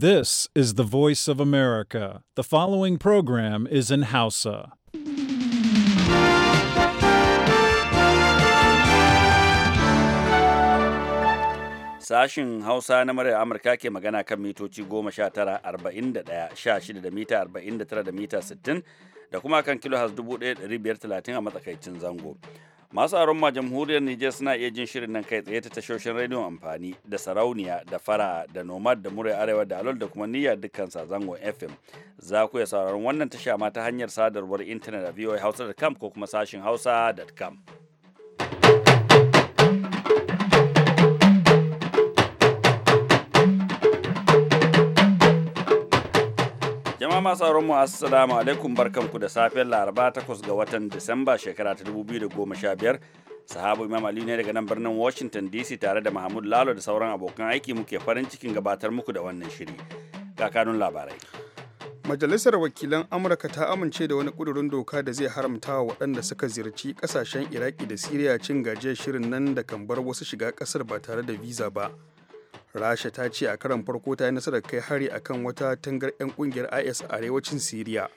This is the voice of America. The following program is in Hausa. Sashin Hausa na muryar Amurka ke magana kan mitoci goma sha tara arba'in da ɗaya sha shida da mita arba'in da tara da mita sittin da kuma kan kilo has dubu ɗaya ɗari biyar talatin a matsakaicin zango. masu aron ma jamhuriyar Nijar suna iya jin shirin nan kai tsaye ta tashoshin rediyon amfani da sarauniya da fara da nomad da murai arewa da alol da kuma niyyar dukkan zangon fm za ku iya sauraron wannan tasha ma ta hanyar sadarwar intanet a voahausa.com ko kuma sashin hausa.com jama'a masu auren mu assalamu alaikum barkanku da safiyar laraba 8 ga watan disamba shekara ta 2015 sahabu imam ali ne daga nan birnin washington dc tare da mahmud lalo da sauran abokan aiki muke farin cikin gabatar muku da wannan shiri kakanun labarai majalisar wakilan amurka ta amince da wani kudurin doka da zai haramta wa waɗanda suka ziyarci kasashen iraki da siriya cin gajiyar shirin nan da kan bar wasu shiga ƙasar ba tare da visa ba rasha ta ce a karan farko ta yi nasarar kai hari akan wata tangar 'yan kungiyar is a arewacin siriya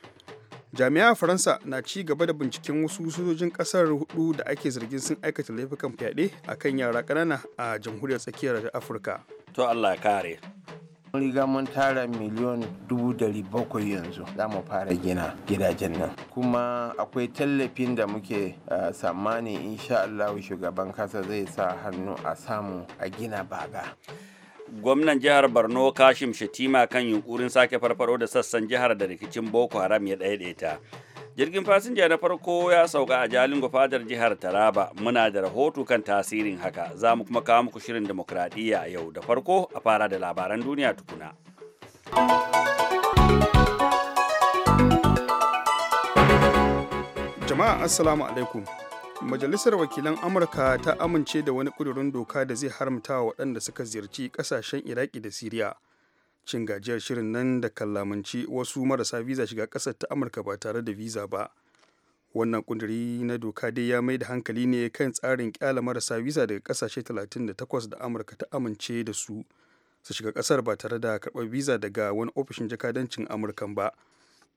jami'a faransa na ci gaba da binciken wasu sojojin kasar hudu da ake zargin sun aikata laifukan fyaɗe a kan yara ƙanana a jamhuriyar tsakiyar afirka to allah kare riga mun tara miliyon dubu dari bakwai yanzu za mu fara gina gidajen nan kuma akwai tallafin da muke tsammani insha allahu shugaban kasa zai sa hannu a samu a gina baga gwamnan jihar borno kashim shatima kan yunkurin sake farfaro da sassan jihar da rikicin boko haram ya ɗaiɗaita jirgin fasinja na farko ya sauka a jalingo fadar jihar taraba muna da rahoto kan tasirin haka za mu kuma kawo muku shirin demokradiyya yau da farko a fara da labaran duniya tukuna jama'a assalamu alaikum Majalisar Wakilan Amurka ta amince da wani ƙudurin doka da zai haramta wa waɗanda suka ziyarci ƙasashen Iraki da Siriya. Cin gajiyar shirin nan da kallamanci wasu marasa visa shiga ƙasar ta Amurka ba tare da visa ba. Wannan ƙuduri na doka dai ya mai da hankali ne kan tsarin ƙyala marasa visa daga ƙasashe 38 da Amurka ta amince da su su shiga ƙasar ba tare da karɓar visa daga wani ofishin jakadancin Amurkan ba,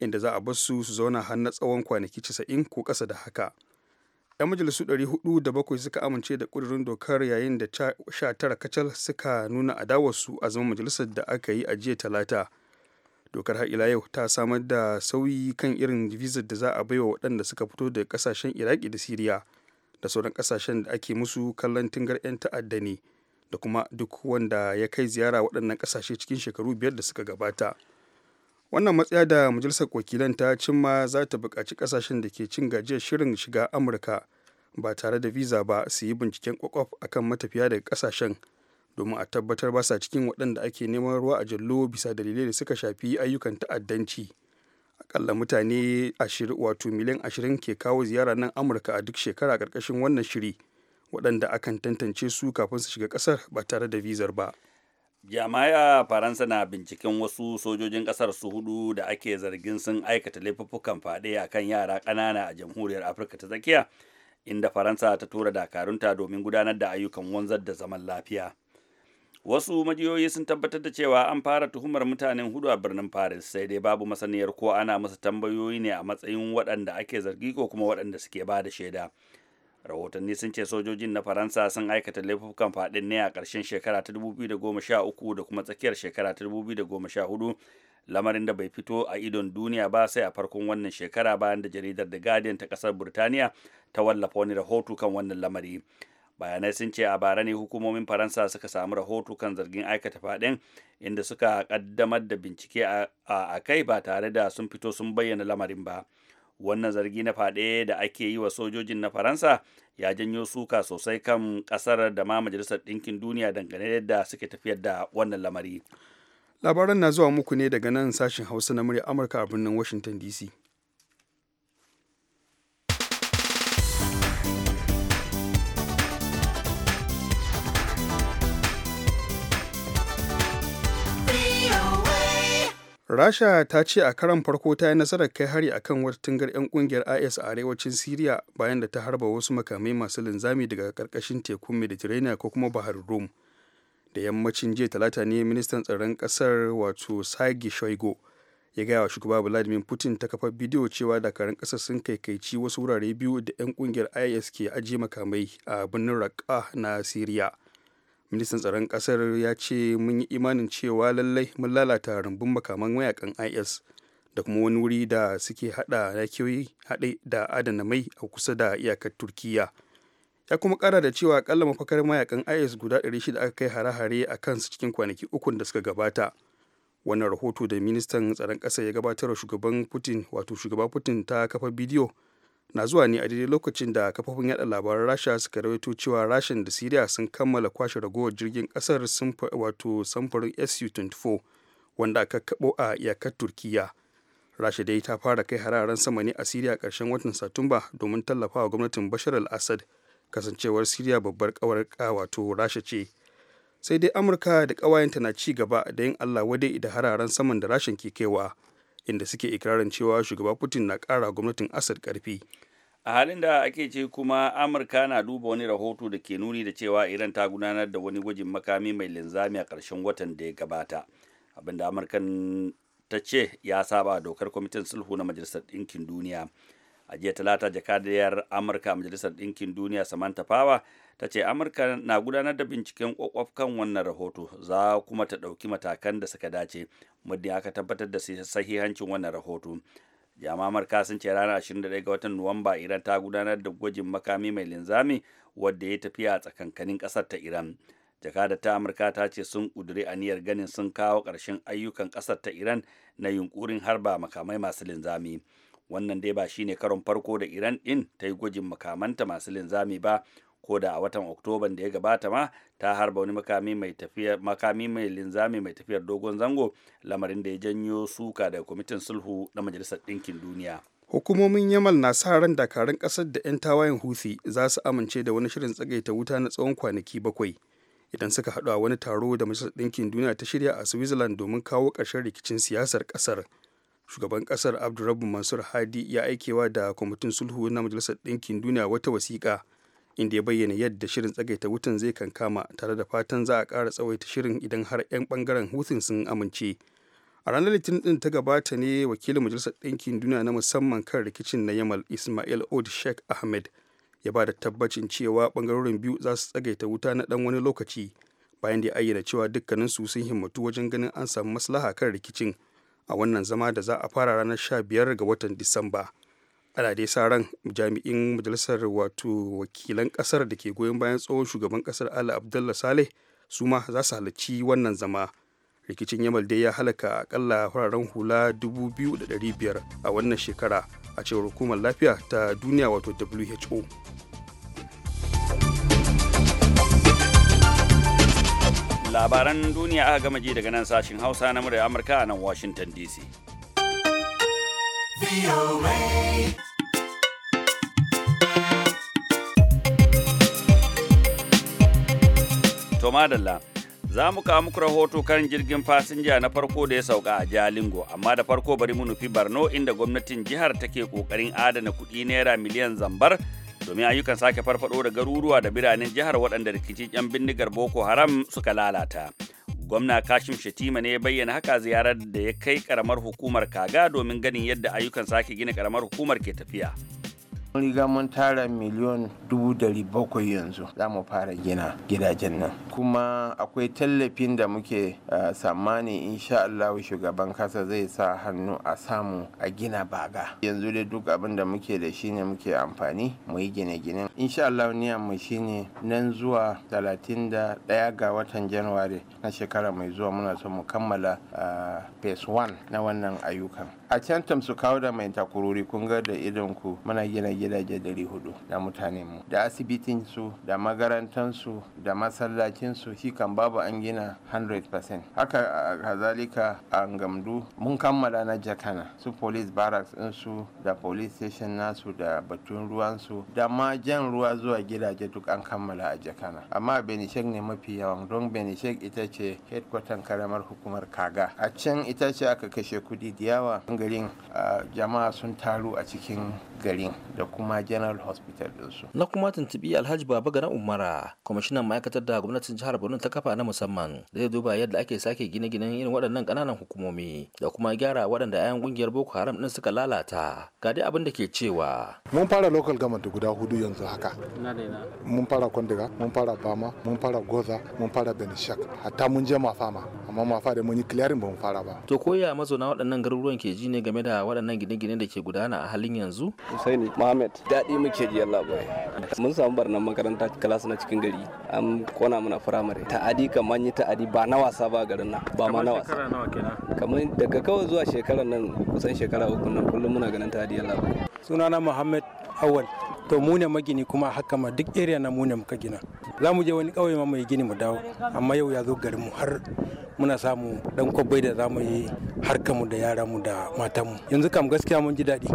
inda za a bar su su zauna har na tsawon kwanaki 90 ko ƙasa da haka. 'yan majalisu 407 suka amince da ƙudurin dokar yayin da 19 kacal suka nuna adawarsu a zaman majalisar da aka yi a jiya talata dokar har ila yau ta samar da sauyi kan irin vizar da za a baiwa waɗanda suka fito da ƙasashen iraki da siriya da sauran ƙasashen da ake musu kallon tingar 'yan ta'adda ne da kuma duk wanda ya kai ziyara waɗannan ƙasashe cikin shekaru biyar da suka gabata wannan matsaya da majalisar wakilan ta cimma za ta buƙaci ƙasashen da ke cin gajiyar shirin shiga amurka ba tare da visa ba su yi binciken kwakwaf akan matafiya daga ƙasashen domin a tabbatar ba sa cikin waɗanda ake neman ruwa a jallo bisa dalilai da suka shafi ayyukan ta'addanci akalla mutane wato miliyan ashirin ke kawo ziyara nan amurka a duk shekara ƙarƙashin wannan shiri waɗanda akan tantance su kafin su shiga ƙasar ba tare da vizar ba jami'a faransa na binciken wasu sojojin kasar su hudu da ake zargin sun aikata laifuffukan fade a kan yara ƙanana a jamhuriyar afirka ta tsakiya inda faransa ta tura dakarunta domin gudanar da ayyukan wanzar da zaman lafiya wasu majiyoyi sun tabbatar da cewa an fara tuhumar mutanen hudu a birnin paris sai dai babu masaniyar ko ana musu tambayoyi ne a matsayin waɗanda ake zargi ko kuma waɗanda suke ba da shaida rahotanni sun ce sojojin na faransa sun aikata laifukan fadin ne a karshen shekara ta 2013 da kuma tsakiyar shekara ta 2014 lamarin da bai fito a idon duniya ba sai a farkon wannan shekara bayan da jaridar the guardian ta kasar burtaniya ta wallafa wani rahoto kan wannan lamari bayanai sun ce a bara ne hukumomin faransa suka samu rahoto kan zargin aikata fadin inda suka kaddamar da bincike a kai ba tare da sun fito sun bayyana lamarin ba. wannan zargi na fade da ake yi wa sojojin na faransa ya janyo suka sosai kan ƙasar da ma majalisar ɗinkin duniya dangane da yadda suke tafiyar da wannan lamari labaran na zuwa muku ne daga nan sashen hausa na murya amurka a birnin washington dc rasha ta ce a karan farko ta yi nasarar kai hari akan wata tungar 'yan kungiyar is a arewacin syria bayan da ta harba wasu makamai masu linzami daga karkashin tekun mediterranean ko kuma bahar rum da yammacin jiya talata ne ministan tsaron kasar wato sagi shoigo ya gaya wa shugaba vladimir putin ta kafa bidiyo cewa dakarun kasar sun kaikaici wasu wurare biyu da 'yan kungiyar is ke ajiye makamai a birnin raqqa na syria ministan tsaron kasar ya ce mun yi imanin cewa lallai mun lalata rumbun makaman mayakan is da kuma wani wuri da suke hada yakiyoyi haɗe da adana mai a kusa da iyakar turkiya ya kuma kara da cewa akalla mafakar mayakan is guda 600 aka kai hare-hare a kansu cikin kwanaki ukun da suka gabata wannan rahoto da ministan tsaron ƙasa ya gabatar wa shugaban putin wato shugaba putin ta kafa bidiyo na zuwa ne a daidai lokacin da kafofin yada labaran rasha suka rawaito cewa rashin da siriya sun kammala kwashe ragowar jirgin kasar wato samfurin su-24 wanda aka kabo a iyakar turkiya rasha dai ta fara kai hararen sama ne a siriya karshen watan satumba domin tallafa wa gwamnatin bashar al-assad kasancewar siriya babbar kawar wato rasha ce sai dai amurka da ƙawayenta na ci gaba da yin allah wadai da hararen saman da rashin ke kaiwa inda suke ikirarin cewa shugaba putin na kara gwamnatin assad karfi. a halin da ake ce kuma amurka na duba wani rahoto da ke nuni da cewa iran ta gudanar da wani gwajin makami mai linzami a ƙarshen watan da ya gabata abinda amurkan ta ce ya saba dokar kwamitin sulhu na majalisar ɗinkin duniya a jiya talata jakadiyar amurka majalisar ɗinkin duniya samantha power ta ce amurka na gudanar da binciken kwakwaf kan wannan rahoto za kuma ta ɗauki matakan da suka dace muddin aka tabbatar da sahihancin wannan rahoto jami'an amurka sun ce ranar 21 ga watan nuwamba iran ta gudanar da gwajin makami mai linzami wadda ya tafi a tsakankanin ƙasar ta iran jakada ta amurka ta ce sun ƙuduri aniyar ganin sun kawo ƙarshen ayyukan ƙasar ta iran na yunkurin harba makamai masu linzami wannan dai ba shine karon farko da iran ɗin ta yi gwajin makamanta masu linzami ba ko da a watan oktoban da ya gabata ma ta harba wani makami mai tafiyar makami mai linzami mai tafiyar dogon zango lamarin da ya janyo suka daga kwamitin sulhu na majalisar ɗinkin duniya hukumomin yamal na sa ran dakarun ƙasar da 'yan tawayen huthi za su amince da wani shirin tsagaita wuta na tsawon kwanaki bakwai idan suka haɗu a wani taro da majalisar ɗinkin duniya ta shirya a switzerland domin kawo ƙarshen rikicin siyasar ƙasar shugaban ƙasar abdurrabu mansur hadi ya aikewa da kwamitin sulhu na majalisar ɗinkin duniya wata wasiƙa inda ya bayyana yadda shirin tsagaita wutan zai kankama tare da fatan za a ƙara tsawaita shirin idan har 'yan ɓangaren hutun sun amince a ranar litinin din ta gabata ne wakilin majalisar ɗinkin duniya na musamman kan rikicin na yamal ismail od sheikh ahmed ya ba da tabbacin cewa ɓangarorin biyu za su tsagaita wuta na ɗan wani lokaci bayan da ya ayyana cewa su sun himmatu wajen ganin an samu maslaha kan rikicin a wannan zama da za a fara ranar 15 ga watan disamba ala dai sa ran jami'in majalisar wato wakilan kasar da ke goyon bayan tsohon shugaban kasar allah abdullah saleh su ma za su halarci wannan zama rikicin yamal dai ya halaka akalla fararen hula 2,500 a wannan shekara a cewar hukumar lafiya ta duniya wato who labaran duniya aka gama ji daga nan sashin hausa na murya amurka a nan washington dc To madalla, za mu kawo muku rahoto kan jirgin fasinja na farko da ya sauka a Jalingo, amma da farko bari mu nufi Barno inda gwamnatin jihar take kokarin adana kuɗi naira miliyan zambar domin ayyukan sake farfado da garuruwa da biranen jihar waɗanda rikicin 'yan bindigar Boko Haram suka lalata. Gwamna Kashim Shatima ne ya bayyana haka ziyarar da ya kai karamar hukumar Kaga domin ganin yadda ayyukan sake gina karamar hukumar ke tafiya. mun riga mun tara miliyon dubu dari bakwai yanzu za mu fara gina gidajen nan kuma akwai tallafin da muke tsammani insha Allah shugaban kasa zai sa hannu a samu a gina baga yanzu dai duk abin da muke da shi ne muke amfani mu yi gine-gine insha Allah niyan mu shine nan zuwa 31 ga watan Januwari na shekara mai zuwa muna so mu kammala phase 1 na wannan ayyukan a can tam su kawo da mai takurori kun ga da idon ku muna gina gidaje dari hudu da mutane mu da asibitin su da magarantan su da masallacin su shi kan babu an gina 100% haka kazalika a gamdu mun kammala na jakana su police barracks din su da police station nasu da batun ruwan su da ma jan ruwa zuwa gidaje duk an kammala a jakana amma benishek ne mafi yawan don benishek ita ce headquarter karamar hukumar kaga a can ita ce aka kashe kudi diyawa. garin jama'a sun taru a cikin garin da kuma general hospital ɗinsu. na kuma tuntubi alhaji baba garan umara kwamishinan ma'aikatar da gwamnatin jihar borno ta kafa na musamman zai duba yadda ake sake gine-ginen irin waɗannan ƙananan hukumomi da kuma gyara waɗanda 'yan ƙungiyar boko haram ɗin suka lalata ga dai abin da ke cewa mun fara local government guda hudu yanzu haka mun fara kwandiga mun fara bama mun fara goza mun fara benishak hatta mun je mafama amma mafa da mun yi clearing ba mun fara ba to koya mazauna waɗannan garuruwan ke ji ne game da waɗannan gine-gine da ke gudana a halin yanzu Husaini Mohammed. Daɗi muke ji Allah bai. Mun samu barnan makaranta class na cikin gari. An kona mana firamare. Ta'adi kaman yi ta'adi ba na wasa ba garin nan. Ba ma na wasa. Kamar daga kawai zuwa shekarar nan kusan shekara uku nan kullum muna ganin ta'adi Allah bai. Sunana Muhammad Awal. To mu ne magini kuma haka ma duk area na mu ne muka gina. za mu je wani kauye ma mai gini mu dawo amma yau ya zo garin mu har muna samu dan kwabbai da za mu yi harkar mu da yara mu da mata mu yanzu kam gaskiya mun ji daɗi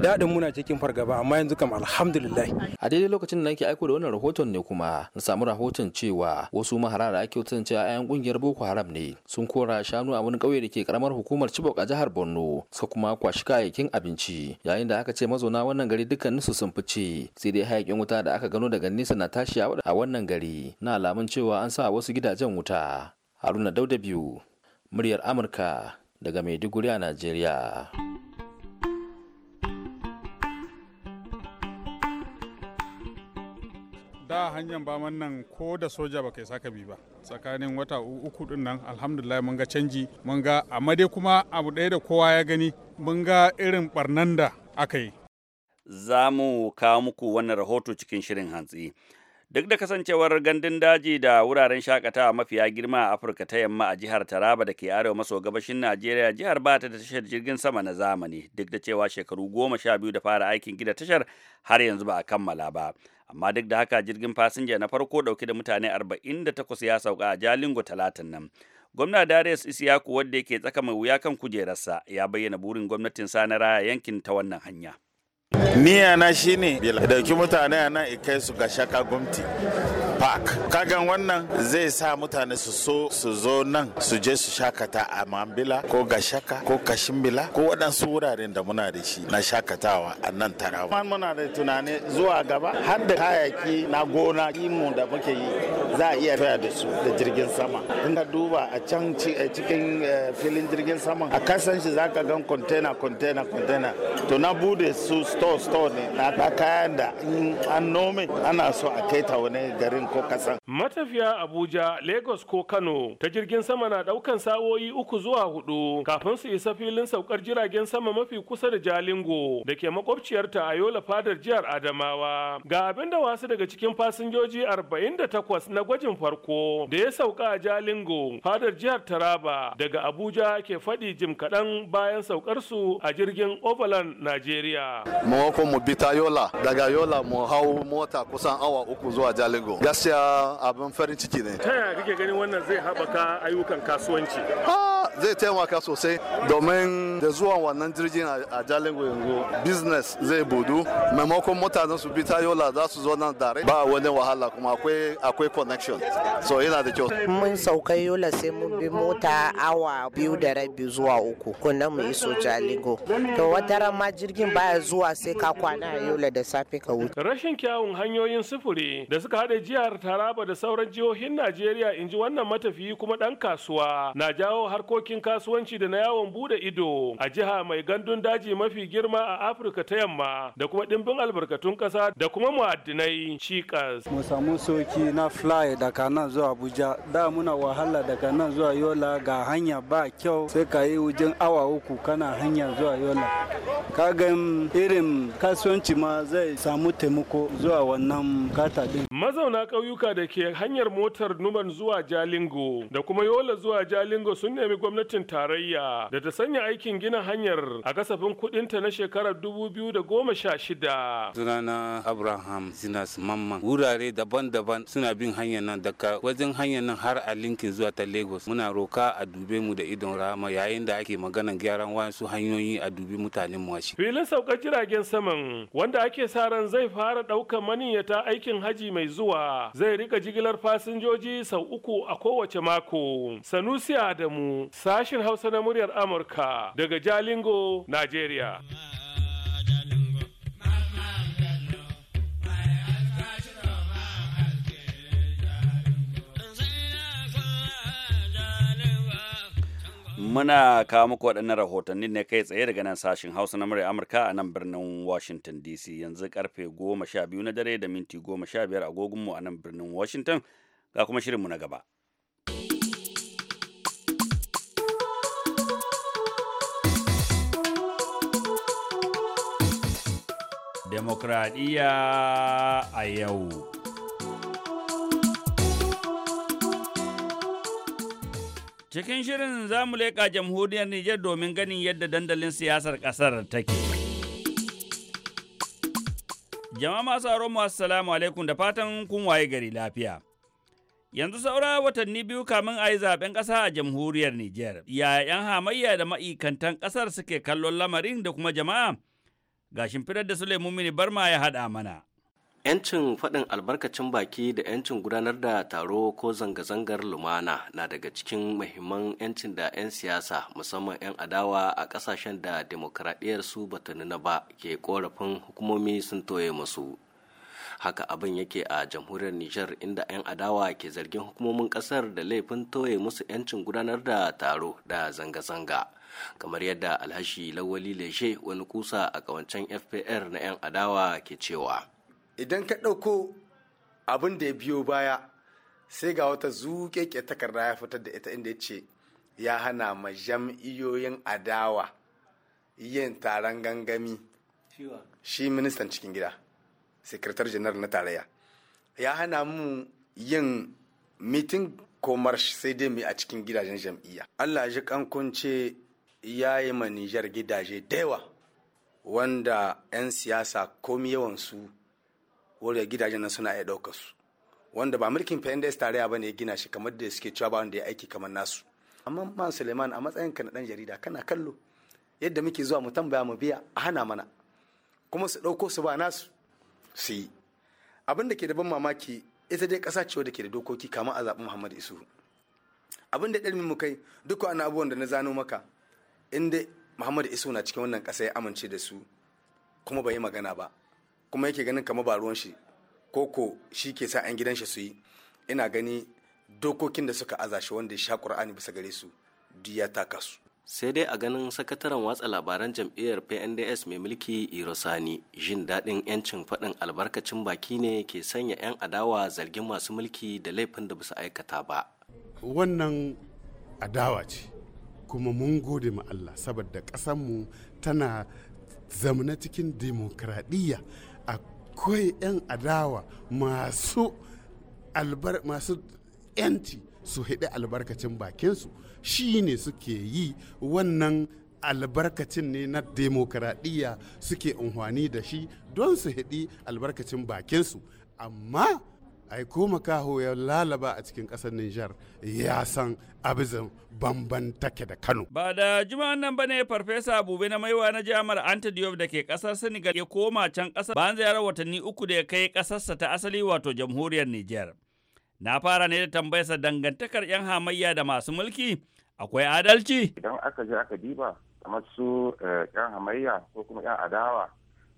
daɗin muna cikin fargaba amma yanzu kam alhamdulillah a daidai lokacin da nake aiko da wannan rahoton ne kuma na samu rahoton cewa wasu mahara da ake tantance a yan kungiyar boko haram ne sun kora shanu a wani kauye da ke karamar hukumar chibok a jihar borno suka kuma kwashi kayayyakin abinci yayin da aka ce mazauna wannan gari su sun fice sai dai hayakin wuta da aka gano daga nesa na tashi a wannan gari na alamun cewa an sa wasu gidajen wuta haruna dauda biyu muryar amurka daga maiduguri a najeriya da hanyar ba nan ko da soja ba kai saka bi ba tsakanin wata uku din nan alhamdulillah mun ga canji mun ga amma dai kuma abu ɗaya da kowa ya gani mun ga irin barnan da aka yi za mu kawo muku wannan rahoto cikin shirin hantsi duk da kasancewar gandun daji da wuraren shakatawa mafiya girma a afirka ta yamma a jihar taraba da ke arewa maso gabashin najeriya jihar ba ta da tashar jirgin sama na zamani duk da cewa shekaru goma sha biyu da fara aikin gida tashar har yanzu ba a kammala ba amma duk da haka jirgin fasinja na farko ɗauke da mutane arba'in da takwas ya sauka a jalingo talatin nan gwamna darius isiyaku wadda yake tsaka mai wuya kan kujerarsa ya bayyana burin gwamnatin sa raya yankin ta wannan hanya Niyya na shi shine dauki mutane a nan kai su ga shaka gumti park. Kagan wannan zai sa mutane su so su zo nan su je su shakata a Mambila ko ga shaka ko Kashimbila ko waɗansu wuraren da muna da shi na shakatawa a nan Taraba. Muna da tunani zuwa gaba har da kayaki na gona imu da muke yi za a iya raya da su da jirgin sama in ka duba a can cikin eh, filin jirgin sama a kasan shi za ka gan container container container to na bude su store store ne na ta kayan da an nome ana so a kai ta wani garin ko kasan matafiya abuja lagos ko kano ta jirgin sama na daukan sa'o'i uku zuwa hudu kafin su isa filin saukar jiragen sama mafi kusa da jalingo da ke makwabciyarta a yola fadar jihar adamawa ga abin da wasu daga cikin fasinjoji 48 na na gwajin farko da ya sauka a Jalingo fadar jihar Taraba daga Abuja ke faɗi jim kaɗan bayan saukarsu a jirgin Ovalan Najeriya. Mawakon mu bita Yola daga Yola mu hau mota kusan awa uku zuwa Jalingo. Gaskiya abin farin ciki ne. Ta yaya kake ganin wannan zai haɓaka ayyukan kasuwanci? Ah, zai taimaka sosai domin da zuwan wannan jirgin a jalingo yanzu business zai budu maimakon mutanen su bi Yola za su zo nan dare ba wani wahala kuma akwai connection so yana da kyau mun sauka yola sai mun bi mota awa biyu da rabi zuwa uku kuna mu iso jalingo to wata rama jirgin baya zuwa sai ka kwana a yola da safe ka wuce rashin kyawun hanyoyin sufuri da suka haɗa jihar taraba da sauran jihohin najeriya in ji wannan matafiyi kuma ɗan kasuwa na jawo harkokin harkokin kasuwanci da na yawon bude ido a jiha mai gandun daji mafi girma a Afirka ta yamma da kuma dimbin albarkatun ƙasa da kuma mu'addinai cikas. Mu samu soki na fly daga nan zuwa Abuja da muna wahala daga nan zuwa Yola ga hanya ba kyau sai ka yi wujin awa uku kana hanya zuwa Yola. ga irin kasuwanci ma zai samu taimako zuwa wannan kata din. Mazauna ƙauyuka da ke hanyar motar numan zuwa Jalingo da kuma Yola zuwa Jalingo sun nemi gwamnatin tarayya da ta sanya aikin gina hanyar a kasafin kudinta na shekarar 2016. Sunana Abraham Sinas Mamman wurare daban-daban suna bin hanyar nan daga wajen hanyar nan har a linkin zuwa ta Lagos. Muna roka a dube mu da idon rama yayin da ake maganan gyaran wasu hanyoyi a dubi mutanen mu Filin saukar jiragen saman wanda ake sa ran zai fara ɗaukar maniyyata aikin haji mai zuwa zai rika jigilar fasinjoji sau uku a kowace mako. Sanusi Adamu Sashin Hausa na muryar Amurka daga Jalingo, Najeriya. Muna kawo muku waɗannan rahotanni ne kai tsaye daga nan sashin Hausa na murya Amurka a nan birnin Washington DC yanzu karfe goma sha biyu na dare da minti goma sha biyar agogunmu a nan birnin Washington ga kuma shirinmu na gaba. demokradiyya a yau. Cikin shirin za mu leƙa jamhuriyar Nijar domin ganin yadda dandalin siyasar ƙasar take. Jama'a masu aron masu salamu alaikum da fatan kun waye gari lafiya. Yanzu saura watanni biyu kamin a yi zaben ƙasa a jamhuriyar Nijar. Yaya 'yan hamayya da ma'ikantan ƙasar suke kallon lamarin da kuma jama'a Ga shimfidar da Suleiman Mini Barma ya haɗa mana. 'Yancin faɗin albarkacin baki da 'yancin gudanar da taro ko zanga-zangar lumana na daga cikin mahimman 'yancin da 'yan siyasa musamman 'yan adawa a ƙasashen da demokradiyyar su bata nuna ba ke ƙorafin hukumomi sun toye musu. Haka abin yake a jamhuriyar Nijar inda 'yan adawa ke zargin hukumomin ƙasar da laifin toye musu 'yancin gudanar da taro da zanga-zanga. kamar yadda alhashi lawali leshe wani kusa a kawancen fpr na 'yan adawa ke cewa idan ka ɗauko abin da ya biyo baya sai ga wata zuƙeƙe takarda ya fitar da ita inda ya ce ya hana ma jam'iyoyin adawa yin taron gangami shi ministan cikin gida sekretar janar na tarayya ya hana mu yin mitin komar sai dai mu a cikin gidajen jam'iyya allah ji kankunce ya yi ma Nijar gidaje da yawa wanda 'yan siyasa komi yawansu wadda gidajen nan suna iya ɗaukar su wanda ba mulkin PNDS tarayya ba ne ya gina shi kamar da suke cewa ba wanda ya aiki kamar nasu amma man suleiman a matsayin ka na ɗan jarida kana kallo yadda muke zuwa mu tambaya mu biya a hana mana kuma su ɗauko su ba nasu su yi abin da ke da ban mamaki ita dai ƙasa ce wadda ke da dokoki kama a zaɓi Muhammadu isuhu abin da ɗalmin mu kai duk wani abubuwan da na zano maka inda muhammadu isu na cikin wannan ƙasa ya amince da su kuma bai yi magana ba kuma yake ganin kamar ba ruwan shi ko ko shi ke sa 'yan gidan shi su yi ina gani dokokin da suka aza wanda ya sha ƙur'ani bisa gare su duk ya taka su sai dai a ganin sakataren watsa labaran jam'iyyar pnds mai mulki irosani jin daɗin 'yancin faɗin albarkacin baki ne ke sanya 'yan adawa zargin masu mulki da laifin da bisa aikata ba wannan adawa ce kuma mun gode ma Allah saboda ƙasanmu tana zamana cikin demokradiyya akwai 'yan adawa masu albar masu 'yanci su haɗe albarkacin bakinsu shi ne suke yi wannan albarkacin ne na demokradiyya suke unhwani da shi don su haɗi albarkacin bakinsu amma ai ko makaho ya lalaba a cikin ƙasar Nijar ya san abizin bamban take da Kano. Ba da juma'an nan bane Farfesa Bube na Maiwa na jami'ar Anta da ke kasar Senegal ya koma can ƙasar bayan ziyarar watanni uku da ya kai ƙasarsa ta asali wato jamhuriyar Nijar. Na fara ne da tambayarsa dangantakar 'yan hamayya da masu mulki akwai adalci? Idan aka je aka diba kamar su eh, 'yan hamayya ko kuma 'yan adawa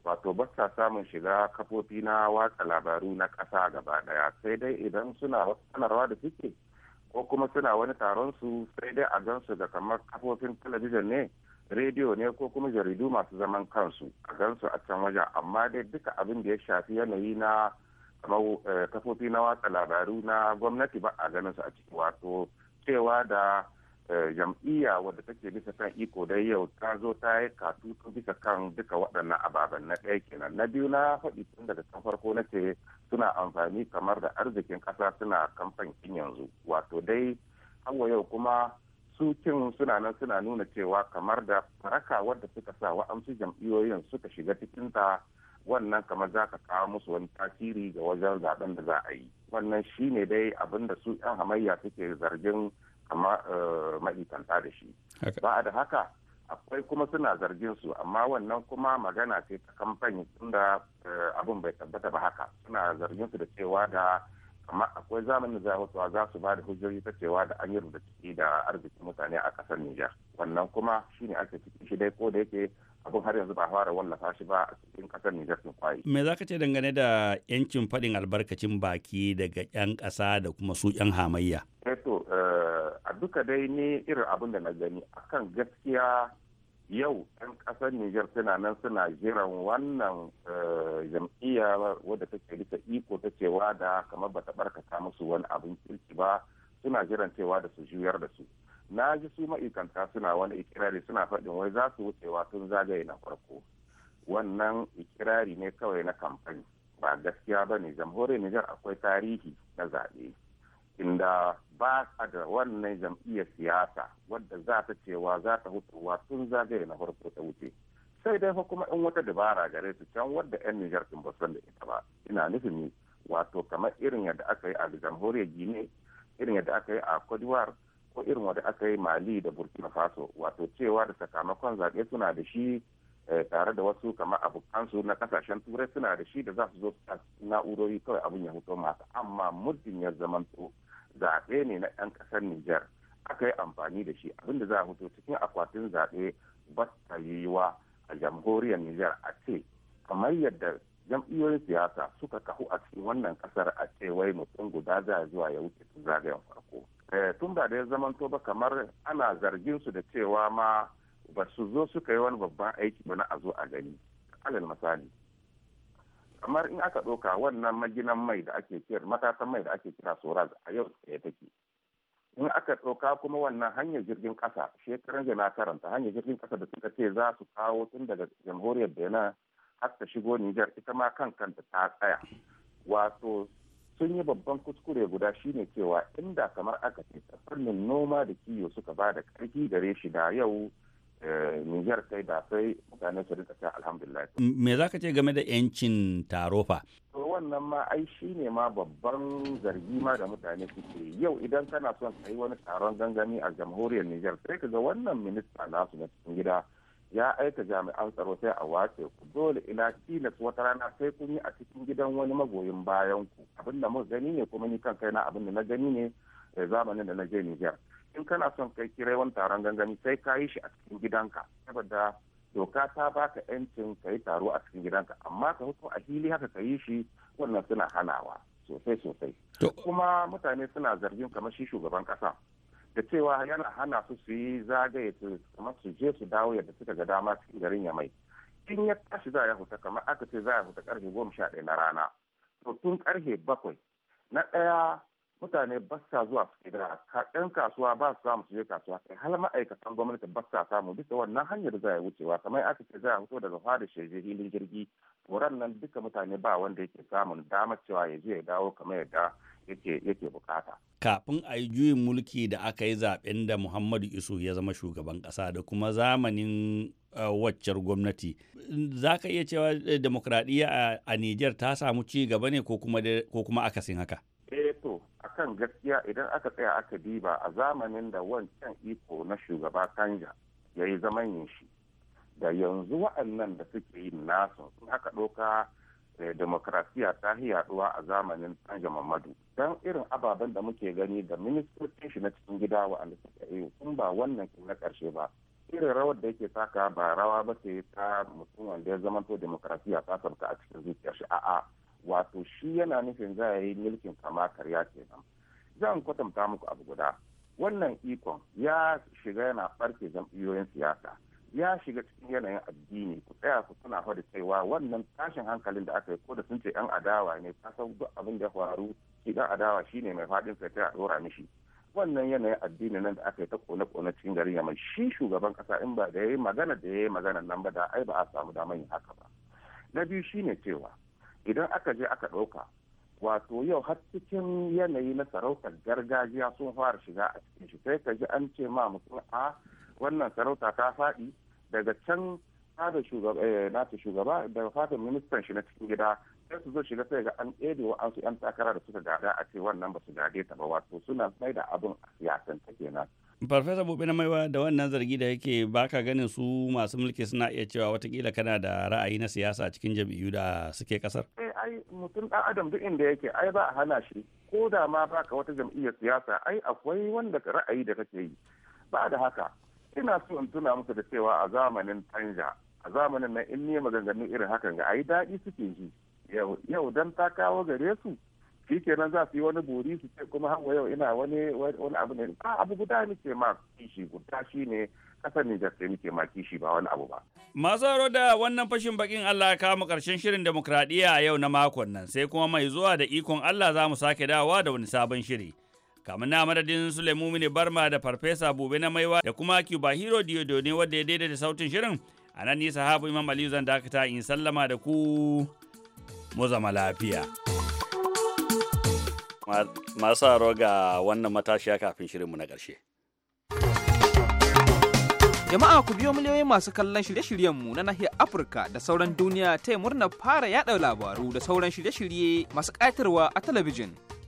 wato ba sa samun shiga kafofi na watsa labaru na ƙasa gaba daya sai dai idan suna sanarwa da suke ko kuma suna wani taron su sai dai a gansu da kamar kafofin talabijin ne rediyo ne ko kuma jaridu masu zaman kansu a gansu a can wajen amma dai duka abin da ya shafi yanayi na eh, kafofi na watsa labaru na gwamnati ba a ganin su a ciki wato cewa da Eh, jam'iyya wadda take bisa kan iko da yau ta zo ta yi katutu bisa kan duka waɗannan ababen na ɗaya kenan na biyu na faɗi tun daga kan farko na ce suna amfani kamar da arzikin ƙasa suna kamfankin yanzu wato dai hawa yau kuma su kin suna nan suna nuna cewa kamar da faraka wadda suka sa wa'amsu jam'iyyoyin suka shiga ta wannan kamar za ka kawo musu wani tasiri ga wajen zaben da za a yi wannan shine dai abinda su 'yan hamayya suke zargin amma eh, maɗikanta da shi ba a da haka akwai kuma suna zargin su amma wannan kuma magana ce ta kamfani tunda eh, abin bai tabbata ba haka suna zargin su da cewa da amma akwai zamanin zahotuwa za su ba da hujjoji ta cewa da an yi rubuta ciki da arzikin mutane a kasar Nijar wannan kuma shine ake ciki shi dai ko da yake abin har yanzu ba fara wallafa shi ba a cikin kasar Nijar sun kwaye. Me za ka ce dangane da yancin faɗin albarkacin baki daga 'yan ƙasa da kuma su 'yan hamayya? Eto, eh eh, a duka dai ne irin abin da na gani akan gaskiya yau 'yan ƙasar Nijar suna nan suna jiran wannan eh, jam'iyya wadda take rika iko ta cewa da kamar bata barkata musu wani abin kirki ba suna jiran cewa da su juyar da su. na ji su ma'aikanta suna wani ikirari suna faɗin wai za su wucewa tun zagaye na farko wannan ikirari ne kawai na kamfani ba gaskiya ba ne jamhuriyar nijar akwai tarihi na zaɓe inda ba a da wannan jam'iyyar siyasa wadda za ta cewa za ta hutuwa tun zagaye na farko ta wuce sai dai fa kuma in wata dabara gare su can wadda 'yan nijar sun ba san da ita ba ina nufin ne wato kamar irin yadda aka yi a jamhuriyar gine irin yadda aka yi a kodiwar ko irin wanda aka yi mali da burkina faso wato cewa da sakamakon zaɓe suna da shi eh, tare da wasu kamar abokansu na kasashen turai suna da shi da za su zo a na'urori kawai abin ya fito masu amma muddin ya zamanto zaɓe ne na 'yan ƙasar niger aka yi amfani da shi abin da za a hutu cikin akwatin zaɓe ba ta yiwuwa a jamhuriyar niger a ce kamar yadda jam'iyyoyin siyasa suka kahu a cikin wannan kasar a cewai mutum guda za zuwa ya wuce tun zagayen farko eh, tun ba da ya zamanto ba kamar ana zargin su da cewa ma ba su zo suka yi wani babban aiki ba na a zo a gani alal misali kamar in aka ɗauka wannan maginan mai da ake kira matasan mai da ake kira soraz a yau ya take in aka ɗauka kuma wannan hanyar jirgin ƙasa shekaran na karanta hanyar jirgin ƙasa da suka ce za su kawo tun daga jamhuriyar benin har ta shigo Nijar ita ma kan kanta ta tsaya. Wato sun yi babban kuskure guda shine cewa inda kamar aka ce fannin noma da kiyo suka ba da karfi gare shi da yau eh, Nijar kai da sai mutane su rika ta alhamdulillah. Me za ka ce game da 'yancin tarofa fa? Wannan ma ai shi ne ma babban zargi ma da mutane suke yau idan kana son ka yi wani taron gangami a jamhuriyar Nijar sai ka ga wannan minista nasu na cikin gida ya aika jami'an tsaro sai a wace ku dole ina tilas wata rana sai kun yi a cikin gidan wani magoyin bayan ku abin da mun gani ne kuma ni kan kaina abin da na gani ne eh, zamanin da na je Niger in kana son kai kirai wani taron gangami sai ka yi shi a cikin gidanka saboda doka ta baka yancin ka yi taro a cikin gidanka amma ka hutu a hili haka ka yi shi wannan suna hanawa sosai sosai kuma mutane suna zargin kamar shi shugaban kasa da cewa yana hana su su yi zagaye kamar su je su dawo yadda suka ga dama cikin garin ya mai in ya tashi za ya huta kamar aka ce za ya huta karfe goma sha ɗaya na rana to tun karfe bakwai na ɗaya mutane ba sa zuwa su gida ɗan kasuwa ba su samu su je kasuwa kai har ma'aikatan gwamnati ba sa samu bisa wannan hanyar za ya wucewa kamar aka ce za ya fito daga fada shirye hilin jirgi wuran nan duka mutane ba wanda yake samun damar cewa ya je ya dawo kamar yadda yake bukata. Kafin a yi juyin mulki da aka yi zaɓen da Muhammadu Isu ya zama shugaban ƙasa da kuma zamanin uh, waccar gwamnati. Za ka iya cewa eh, demokradiyya a Nijar ta samu ci gaba ne ko kuma akasin haka? Eh to, akan gaskiya idan aka tsaya aka diba a zamanin da wancan iko na shugaba Kanja ya yi zaman yin shi. Da yanzu wa'annan da suke yin nasu in aka ɗauka demokrasiya ta yi yaduwa a zamanin sanja Mamadu. Don irin ababen da muke gani da ministocin shi na cikin gida wa'anda suka yi kun ba wannan na karshe ba. Irin rawar da yake taka ba rawa ba ce ta mutum wanda ya zama to demokrasiya ta sauka a cikin zuciyar shi a'a wato shi yana nufin za a yi mulkin kama karya kenan. Zan kwatanta muku abu guda. Wannan ikon ya shiga yana ɓarke jam'iyyoyin siyasa. ya shiga cikin yanayin addini ku tsaya ku tana fa da cewa wannan tashin hankalin da aka yi ko da sun ce yan adawa ne ka san duk abin da faru shi dan adawa shine mai faɗin sai ta dora mishi wannan yanayin addini nan da aka yi ta kone kone cikin garin yamma shi shugaban kasa in ba da yi magana da yayi magana nan ba da ai ba a samu damar yin haka ba na biyu shine cewa idan aka je aka ɗauka wato yau har cikin yanayi na sarautar gargajiya sun fara shiga a cikin shi sai ka ji an ce ma mutum a ah, wannan sarauta ta faɗi daga can eh, nata shugaba daga fatan ministan shi na cikin gida sai su zo shiga sai ga an ɗaya wa su yan takara da suka gada a ce wannan ba su gade ta ba wato suna mai da abin a siyasanta kenan. Farfesa Bobe na maiwa da wannan zargi da yake baka ganin su masu mulki suna iya cewa watakila kana da ra'ayi na siyasa cikin jam'iyyu da suke kasar. Eh ai mutum ɗan adam duk inda yake ai ba a hana shi ko da ma baka wata jam'iyyar siyasa ai akwai wanda ra'ayi da kake yi. Ba da haka ina so in tuna musu da cewa a zamanin tanja a zamanin nan in ne maganganu irin hakan ga ayi daɗi suke ji yau dan ta kawo gare su kenan za su yi wani bori su ce kuma hawa yau ina wani wani abu ne a abu guda nake ma kishi guda shi ne kasar Nijar sai muke ma kishi ba wani abu ba. Masu haro da wannan fashin bakin Allah ya kama karshen shirin demokradiyya yau na makon nan sai kuma mai zuwa da ikon Allah za mu sake dawowa da wani sabon shiri. kamar na madadin Sulemu Mini Barma da Farfesa Bobe na Maiwa da kuma Cuba Hero Diodo ne wadda ya daidaita sautin shirin. A nan nisa sahabu Imam Aliyu zan dakata in sallama da ku mu zama lafiya. Masu haro ga wannan matashiya kafin shirinmu na ƙarshe. Jama'a ku biyo miliyoyin masu kallon shirye-shiryenmu na nahiyar Afirka da sauran duniya ta yi murnar fara yaɗa labaru da sauran shirye-shirye masu ƙayatarwa a talabijin.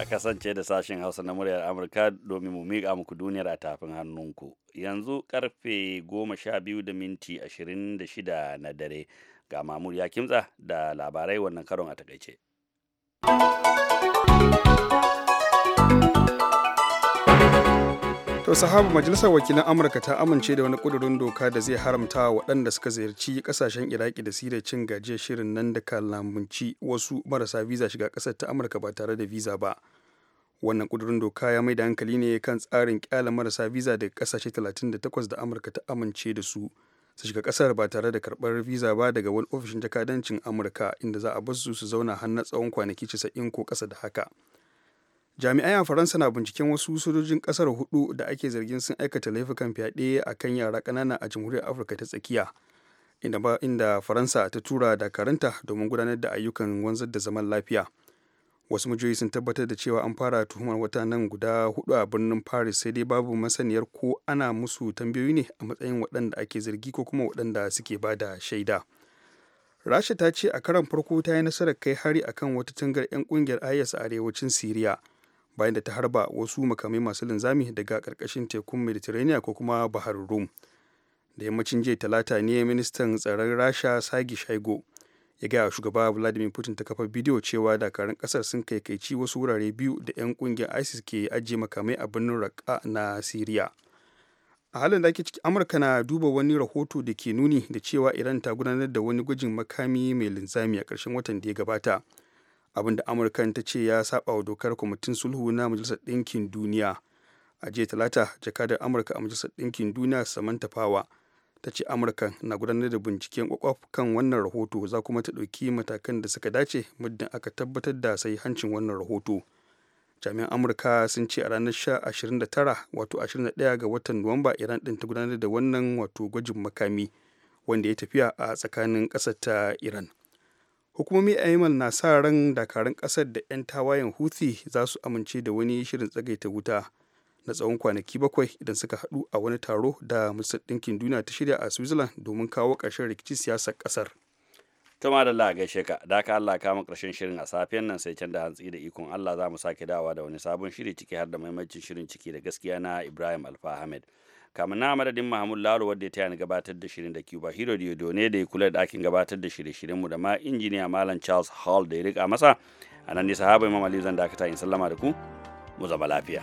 a kasance da sashen hausa na muryar amurka domin mu miƙa muku duniyar a tafin hannunku yanzu karfe goma sha biyu da minti ashirin da shida na dare ga mamur ya kimtsa da labarai wannan karon a takaice. to sahabu majalisar wakilan amurka ta amince da wani kudurin doka da zai haramta waɗanda suka ziyarci kasashen iraki da siriya cin gajiya shirin nan da kalamunci wasu marasa visa shiga ƙasar ta amurka ba tare da visa ba wannan kudurin doka ya mai da hankali ne kan tsarin kyala marasa visa daga ƙasashe talatin da amurka ta amince da su su shiga ƙasar ba tare da karɓar visa ba daga wani ofishin jakadancin amurka inda za a bar su su zauna har na tsawon kwanaki 90 ko ƙasa da haka jami'ai a faransa na binciken wasu sojojin kasar hudu da ake zargin sun aikata laifukan fyaɗe a kan yara ƙanana a jamhuriyar afirka ta tsakiya inda, inda faransa ta tura da karanta domin gudanar da ayyukan wanzar da zaman lafiya wasu majiyoyi sun tabbatar da cewa an fara tuhumar wata nan guda hudu a birnin paris sai dai babu masaniyar ko ana musu tambayoyi ne a matsayin waɗanda ake zargi ko kuma waɗanda suke ba da shaida rasha ta ce a karan farko ta yi nasarar kai hari akan wata tangar 'yan kungiyar is a arewacin siriya bayan da ta harba wasu makamai masu linzami daga karkashin tekun mediterranean ko kuma bahar rum da yammacin jiya talata ne ministan tsaron rasha sagi shaigo ya gaya wa shugaba vladimir putin ta kafa bidiyo cewa dakarun kasar sun kaikaici wasu wurare biyu da 'yan kungiyar isis ke ajiye makamai a birnin raqqa na syria a halin da ake ciki amurka na duba wani rahoto da ke nuni da cewa iran ta gudanar da wani gwajin makami mai linzami a ƙarshen watan da ya gabata abin da amurkan ta ce ya saba wa dokar kwamitin sulhu na majalisar ɗinkin duniya a jiya talata jakadar amurka a majalisar ɗinkin duniya samantha tafawa ta ce amurka na gudanar da binciken kwakwaf kan wannan rahoto za kuma ta ɗauki matakan da suka dace muddin aka tabbatar da sai hancin wannan rahoto jami'an amurka sun ce a ranar sha 29 wato 21 ga watan nuwamba iran ɗin ta gudanar da wannan wato gwajin makami wanda ya tafiya a tsakanin ƙasar ta iran hukumomi a yemen na sa ran dakarun kasar da 'yan tawayen houthi za su amince da wani shirin tsagaita wuta na tsawon kwanaki bakwai idan suka hadu a wani taro da majalisar ɗinkin duniya ta shirya a switzerland domin kawo ƙarshen rikici siyasar ƙasar ma da Allah gaishe ka da ka Allah kama ƙarshen shirin a safiyan nan sai can da hantsi da ikon Allah za mu sake dawa da wani sabon shiri ciki har da maimacin shirin ciki da gaskiya na Ibrahim Alfa Ahmed. kamar na madadin mahamud Lalo wadda ya tayani gabatar da shirin da Cuba Hero ne da ya kula da ɗakin gabatar da shirye-shiryenmu da ma injiniya Malam Charles Hall da ya rika masa a nan ne sahaba Imam Ali zan dakata in sallama da ku mu zama lafiya.